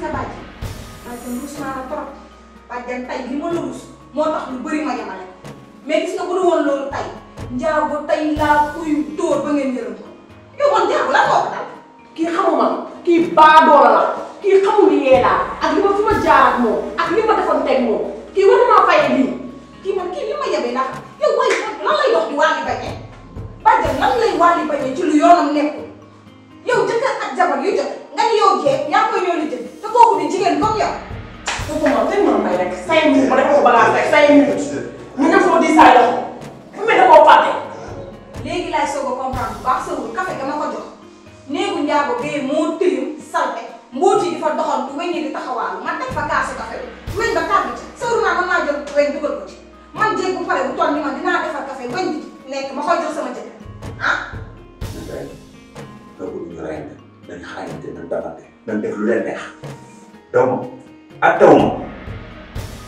gis nga bàjj bàjjan ruus naa la trop bàjjan tay bi ma la ruus moo tax lu bëri ma yemale mais gis nga bu dul woon loolu tay njaago tay laa kuy dóor ba ngeen yërëm ko yow man njaago la kooku daal kii xamuma kii baadoola la kii xamul yee laa ak li ma fi ma jaar ak moom ak li ma defoon teg moom kii war maa fayee lii kii man kii li ma yemee ndax yow waaye lan lay dox di wàlli bañee bàjjan lan lay wàlli bañee ci lu yoonam nekkul jigéen comme yow. foofu ma tey ma may rek cinq minutes ma def ko balance rek cinq minutes mu ñëw foofu di saa loxo fu mel ne koo fàtte. léegi laay soog a comprendre bu baax sawul café ga ma ko jox néegu njaago bee moo tëyu salte mbooti di fa doxantu weñ di taxawaalu ma teg fa kaasu café bi weñ ba tàgg ci sawru naa man maa jël weñ dugal ko ci man jéeg bu pare bu toll ni man dinaa defar café weñ di nekk ma koy jox sama jëkkër ah. dañ koy def kooku ñu reyante dañ xaajante dañ dabante dañ def lu leen neex. Toma, a toma.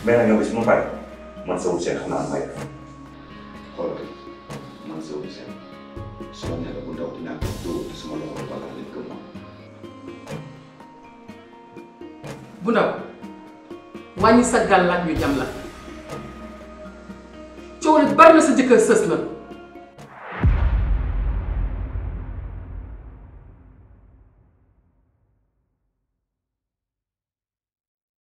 Ven a mi oficina, un pari. Mansa Usen, Jamal Maya. Jorge, Mansa Usen. Soñé lo que un día tú, tú, tú, tú, tú, tú, tú, tú, tú, Bunda, wanita galak di jamla. Cewek baru saja kesesat.